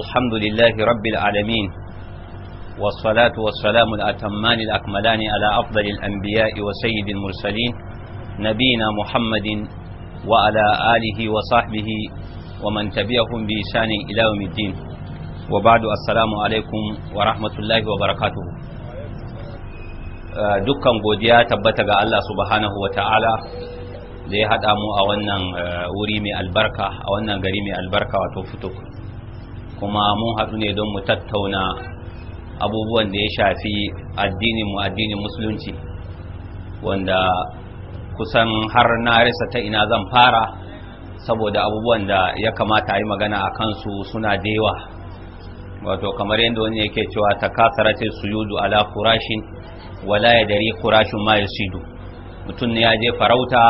الحمد لله رب العالمين والصلاة والسلام الأتمان الأكملان على أفضل الأنبياء وسيد المرسلين نبينا محمد وعلى آله وصحبه ومن تبعهم بإحسان إلى يوم الدين وبعد السلام عليكم ورحمة الله وبركاته dukkan godiya tabbata ga Allah subhanahu wa ta'ala da ya haɗa mu a wannan wuri mai albarka a wannan gari mai albarka wato futuk kuma mun haɗu ne don mu tattauna abubuwan da ya shafi addinin mu addinin musulunci wanda kusan har na rasa ta ina zan fara saboda abubuwan da ya kamata a yi magana a kansu suna da yawa wato kamar yadda wani yake cewa ta kasarace yudu ala kurashin wala ya dari kurashin ma ya sidu mutum ne ya je farauta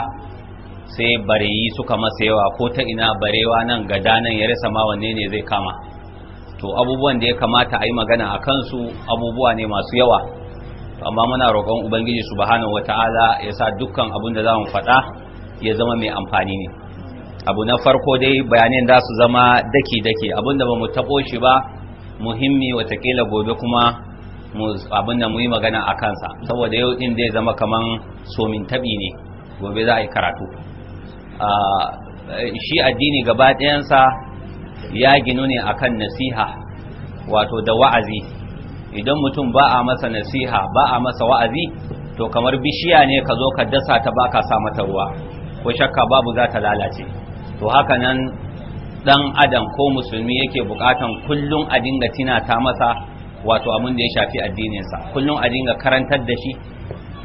sai bareyi suka masa yawa ko ta ina barewa nan gada nan ya rasa ma wanne ne zai kama to abubuwan da ya kamata a yi magana a kansu abubuwa ne masu yawa amma muna roƙon ubangiji subhanahu wata'ala ya sa dukkan abin da za mu faɗa ya zama mai amfani ne abu na farko dai bayanin za su zama daki-daki abin da ba mu taɓo shi ba muhimmi watakila gobe kuma abin da mu yi magana a kansa saboda yau ɗin zai zama kamar somin taɓi ne gobe za a yi karatu ah, shi addini gaba ɗayansa ya ginu ne akan nasiha wato da wa'azi idan mutum ba a masa nasiha ba a masa wa'azi to kamar bishiya ne ka zo ka dasa ta ba ka sa mata ruwa ko shakka babu za ta lalace to haka nan dan adam ko musulmi yake bukatan kullum a dinga ta masa wato abin da ya shafi addininsa kullum a dinga karantar da shi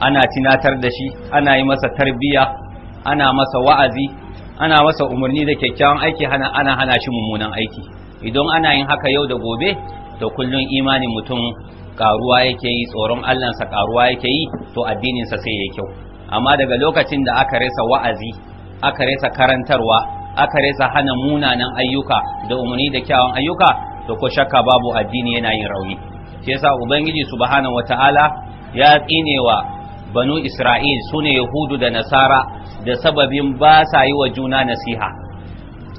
ana tinatar da shi ana yi masa tarbiyya ana masa wa'azi ana masa umarni da kyakkyawan aiki hana ana hana shi mummunan aiki idan ana yin haka yau da gobe to kullun imanin mutum karuwa yake yi tsoron sa karuwa yake yi to addininsa sai ya kyau amma daga lokacin da aka resa wa'azi aka resa karantarwa aka resa hana munanan ayyuka da umarni da kyawun ayyuka to ko shakka babu addini yana yin rauni shi yasa ubangiji subhanahu wataala ya tsinewa banu isra'il sune yahudu da nasara da sababin ba sa yi wa juna nasiha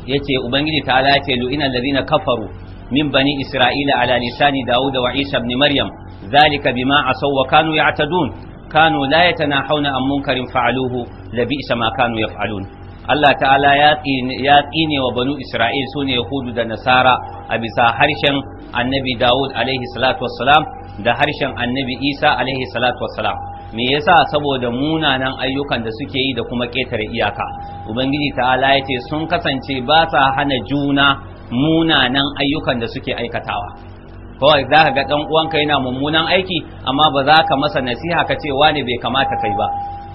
yace ubangiji ta ala ce lu'ina allazina kafaru min bani isra'ila ala lisani daud wa isa ibn maryam zalika bima asaw wa kanu ya'tadun kanu la yatanahawna an munkarin fa'aluhu isa ma kanu yaf'alun Allah ta'ala ya tsine wa banu Isra'il su ne Yahudu da Nasara a bisa harshen annabi Dawud alaihi salatu wassalam da harshen annabi Isa alaihi salatu wassalam me yasa saboda munanan ayyukan da suke yi da kuma ƙetare iyaka ubangiji ta'ala ya ce sun kasance ba sa hana juna munanan ayyukan da suke aikatawa kawai za ka ga ɗan uwanka yana mummunan aiki amma ba za ka masa nasiha ka ce wane bai kamata kai ba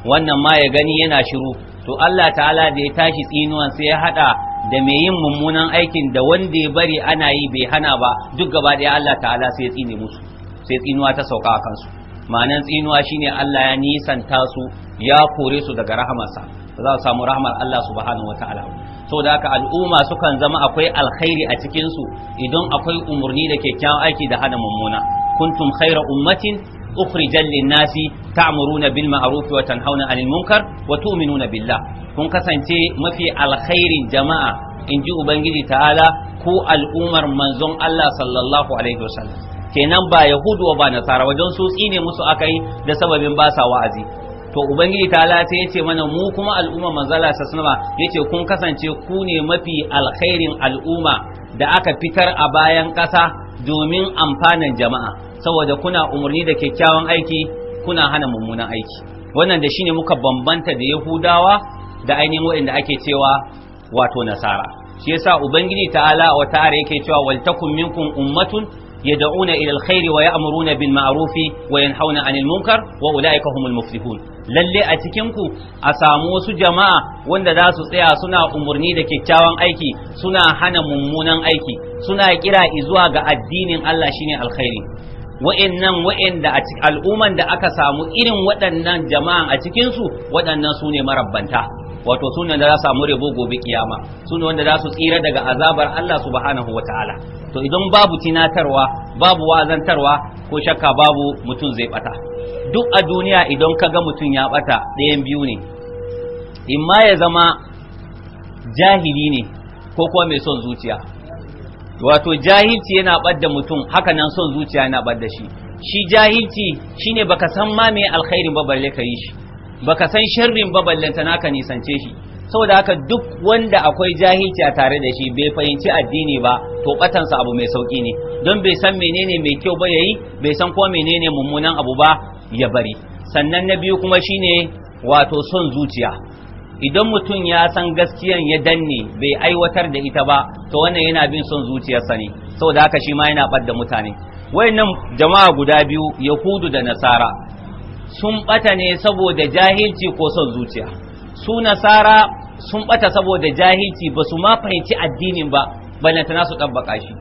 wannan ma ya gani yana shiru to Allah ta'ala da ya tashi tsinuwan sai ya haɗa da mai yin mummunan aikin da wanda ya bari ana yi bai hana ba duk gaba ɗaya Allah ta'ala sai ya tsine musu sai tsinuwa ta sauka a kansu ma'anan tsinuwa shine Allah ya nisanta su ya kore su daga rahamarsa za su samu rahmar Allah subhanahu wataala so da haka al'umma sukan zama akwai alkhairi a cikin su idan akwai umurni da kyakkyawan aiki da hana mummuna kuntum khaira ummatin ukhrijal linnasi ta'muruna bil ma'ruf wa tanhauna 'anil munkar wa tu'minuna billah kun kasance mafi alkhairin jama'a inji ubangiji ta'ala ku al'ummar manzon Allah sallallahu alaihi wasallam kenan ba yahudu ba nasara wajen su tsine musu akai da sababin ba sa wa'azi to ubangiji ta sai yace mana mu kuma al'umma manzala sasnama ya ce kun kasance ku ne mafi alkhairin al'umma da aka fitar a bayan ƙasa domin amfanin jama'a saboda kuna umarni da kyakkyawan aiki kuna hana mummunan aiki wannan da shine muka bambanta da yahudawa da ainihin waɗanda ake cewa wato nasara shi yasa ubangiji ta'ala wa ta'ala yake cewa waltakum minkum ummatun يدعون إلى الخير ويأمرون بالمعروف وينحون عن المنكر وأولئك هم المفلحون lalle a cikinku a samu wasu jama'a wanda za su tsaya suna umarni da kyakkyawan aiki suna hana mummunan aiki suna kira zuwa ga addinin Allah shine alkhairi wa'annan wa'anda a cikin al'umman da aka samu irin waɗannan jama'an a cikinsu waɗannan su marabbanta wato sunan da za samu rabo gobe kiyama su ne wanda za su tsira daga azabar Allah subhanahu wataala to idan babu tinatarwa babu wazantarwa ko shakka babu mutum zai bata duk a duniya idan ka ga mutum ya bata ɗayan biyu ne in ya zama jahili ne ko kuma mai son zuciya wato jahilci yana ɓadda mutum haka nan son zuciya yana ɓadda shi shi jahilci shine baka san ma me alkhairin ba balle ka yi shi baka san sharrin ba balle ta naka nisance shi saboda haka duk wanda akwai jahilci a tare da shi bai fahimci addini ba to batansa abu mai sauki ne don bai san menene mai kyau ba yayi bai san ko menene mummunan abu ba ya bari sannan na biyu kuma shine wato son zuciya idan mutum ya san gaskiyan ya danne bai aiwatar da ita ba to wannan yana bin son zuciyarsa ne saboda haka shi ma yana ɓadda mutane wayannan jama'a guda biyu yahudu da nasara sun ɓata ne saboda jahilci ko son zuciya su nasara sun bata saboda jahilci ba su ma fahimci addinin ba na su ɗabbaka shi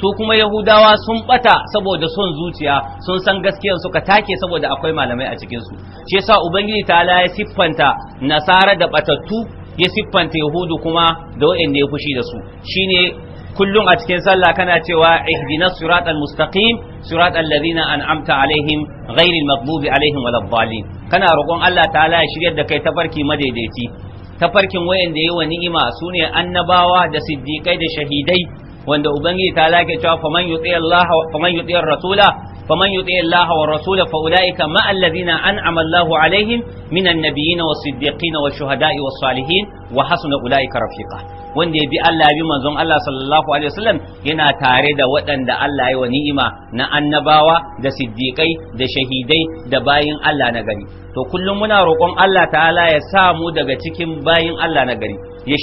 su kuma yahudawa sun bata saboda son zuciya sun san gaskiyar suka take saboda akwai malamai a cikinsu shi yasa ubangiji ta'ala ya siffanta nasara da batattu ya siffanta yahudu kuma da wa'anda ya fushi da su shine kullum a cikin sallah kana cewa ihdina siratal mustaqim siratal ladina an'amta alaihim ghairil maghdubi alaihim waladdallin kana roƙon Allah ta'ala ya shiryar da kai tafarki madaidaici tafarkin wayanda yayi wa ni'ima sune annabawa da siddiqai da shahidai wanda ubangiji ta lake cewa faman yuti Allah faman yuti rasula faman yuti Allah wa rasula fa ulaika ma allazina an'ama Allah alaihim minan nabiyina was siddiqina was shuhada'i wa hasuna ulaika rafiqa wanda ya bi Allah ya bi manzon Allah sallallahu alaihi wasallam yana tare da waɗanda Allah ya wa ni'ima na annabawa da siddiƙai da shahidai da bayin Allah na gari to kullum muna roƙon Allah ta'ala ya samu daga cikin bayin Allah na gari